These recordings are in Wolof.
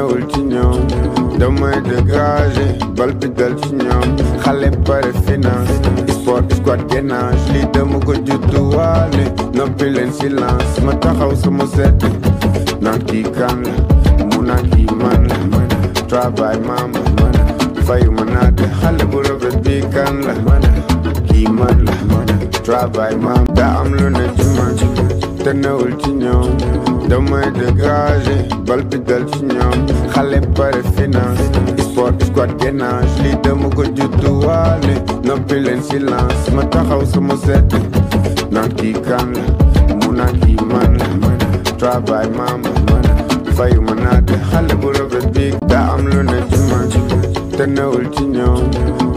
ñëw ci ñëw damay dégagé bal bi dal ci ñoom xale pare finance sport squad gainage lii dama ko judduwaale noppi leen silence ma taxaw sama seet naan kii kan la mu naan kii man la travail maama fayu ma naa de xale bu rafet bi kan la kii man la travail maama daa am lu ne ci man te newul ci ñoom damay dégager bal bi dal ci ñoom xale pare finance sport squad gainage lii dama ko judduwaale noppi leen silence ma taxaw sama set naan kii kan la mu naan kii man la travail mama fayu ma naate xale bu rafet bi daa am lu ne ci man te newul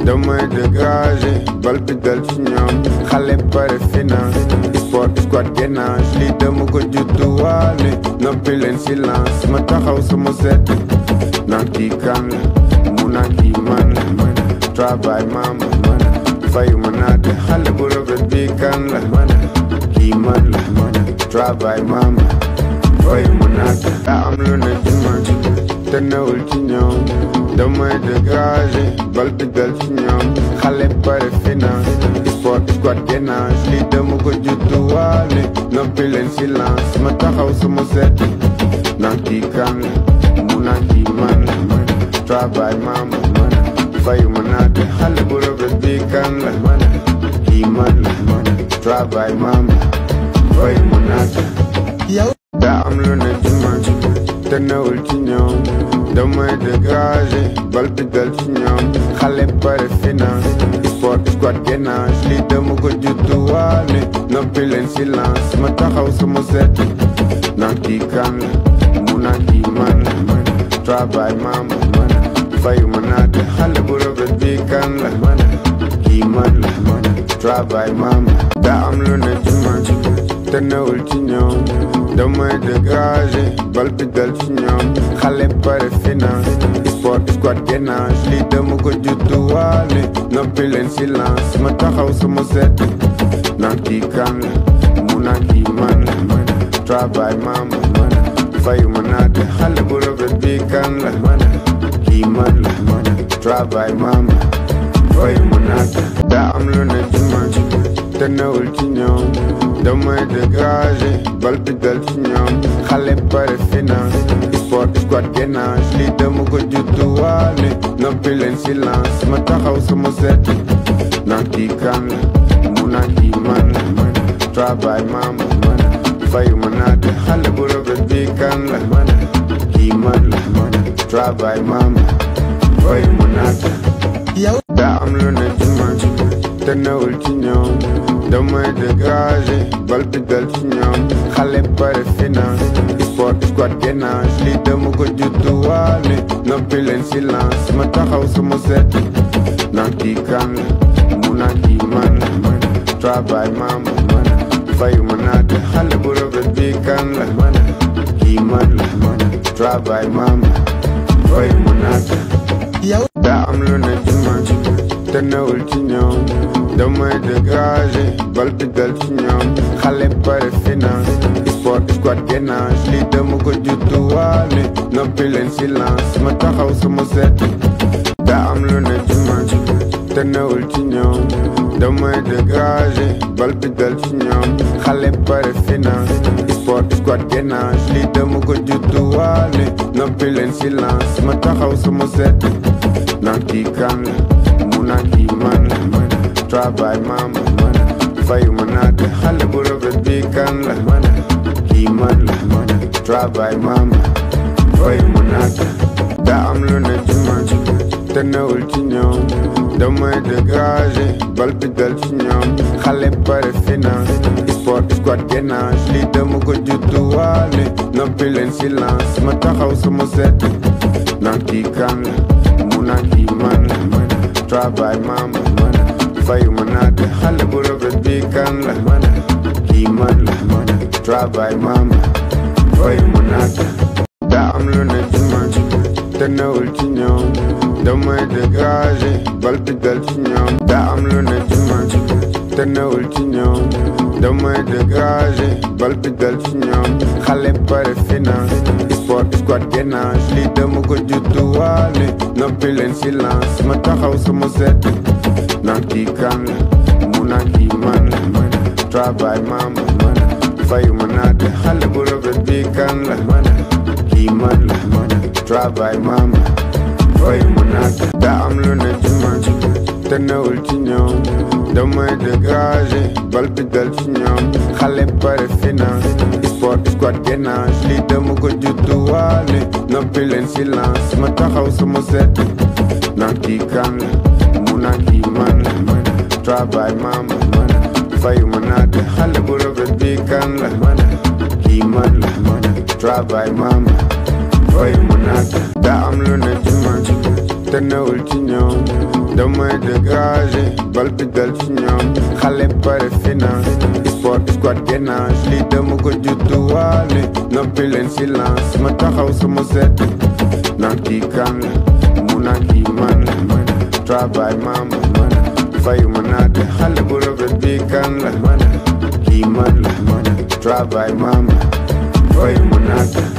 damay dégager bal bi dal ci ñoom xale pare finance sport squad gainage lii dama ko judduwaale noppi leen silence ma taxaw sama set naan kii kan la mu naan kii man la travail mama fayu ma naate xale bu rafet bi kan la kii man la travail mama fayu ma naate daa am lu ne ci man te newul ci ñoom damay dégager bal bi dal ci ñoom xale pare finance sport squad gainage lii dama ko non noppi leen silence ma taxaw sama set naan kii kan la mu man travail maama fayu ma naate xale bu rafet bi kan la kii man travail maama fayu ma naate daa am lu ne ci man te newul damay dégager bal bi dal ci ñoom xale pare finance sport squad gainage li dama ko judduwaale noppi leen silence ma taxaw sama set naan kii kan la mu naan kii man la travail maama fayu ma naate xale bu rafet bi man travail maama daa am lu ne ci te newul ci ñoom damay dégagé bal bi dal ci ñoom xale pare finance sport squad gainage lii dama ko judduwaale noppi leen silence ma taxaw sama set naan kii kan la mu naan kii man la travail mama fayuma naa te xale bu rafet bi kan la kii man la travail mama fayuma naa te daa am lu ne ci man te newul ci ñoom damay dégager bal bi dal ci ñoom xale squad gainage lii dama ko judduwaale noppi leen silence ma taxaw sama seet naan kii kan la mu naan man travail maama fayu man travail am lu ne ci te newul ci ñoom damay dégagé bal bi ci ñoom xale pare finance sport squad gainage lii dama ko judduwaale noppi leen silence ma taxaw sama seet naa kii kan la mu naa kii man la travail maama man fayu ma naata xale bu bii kan la kii man la travail fayu ma naata newul ci ñoom damay dégagé bal bi dal ci ñoom xale pare finance sport squad gainage lii dama ko juttuwaale noppi leen silence ma taxaw sama seeti daa am lu ne ci man te newul ci ñoom damay dégagé bal bi dal ci ñoom xale pare finance sport squad gainage lii dama ko juttuwaale noppi leen silence ma taxaw sama seeti naan kii kan حكي مانا Drive by mama في مناطق خلي غرفة بي كاملة حكي مانا Drive by mama في مناطق ده عملوا نجمة تناول تنيوم دمي دقاجي بلبي دل تنيوم خلي باري فينا sport squad genage li dama ko juddu waale noppi leen silence ma taxaw sama sedd naan kii kan la man la traba mama fayu manata hala bura bi kan la kiman la traba mama fayu manata da amlo na jima ta nawul ci ñoom damay dégager bal bi dal ci ñoom da amlo na jima ta nawul ci ñoom damay dégager bal dal ci ñoom xale pare finance sport squad gainage lii dama ko judduwaale noppi leen silence ma taxaw sama set naan kii kan la mu naan kii man la travail fayu ma naa xale bu rafet bi kan la kii man la travail fayu ma naa daa am lu ne ci man te newul ci ñoom damay dégagé bal bi dal ci ñoom xale pare finance sport squad gainage lii dama ko judduwaale noppi leen silence ma taxaw sama set naan kii kan la mu naan kii man la travail mama fayuma naa te xale bu rafet bi kan la kii man la travail mama fayuma naa te daa am lu ne ci man te newul ci ñoom damay dégagé bal bi dal ci ñoom xale pare finance sport squad gainage lii dama ko judduwaale noppi leen silence ma taxaw sama set naan kii kan la mu naan kii man la travail mama fayuma naa te xale bu rafet bi kan la kii man la travail mama fayuma naa te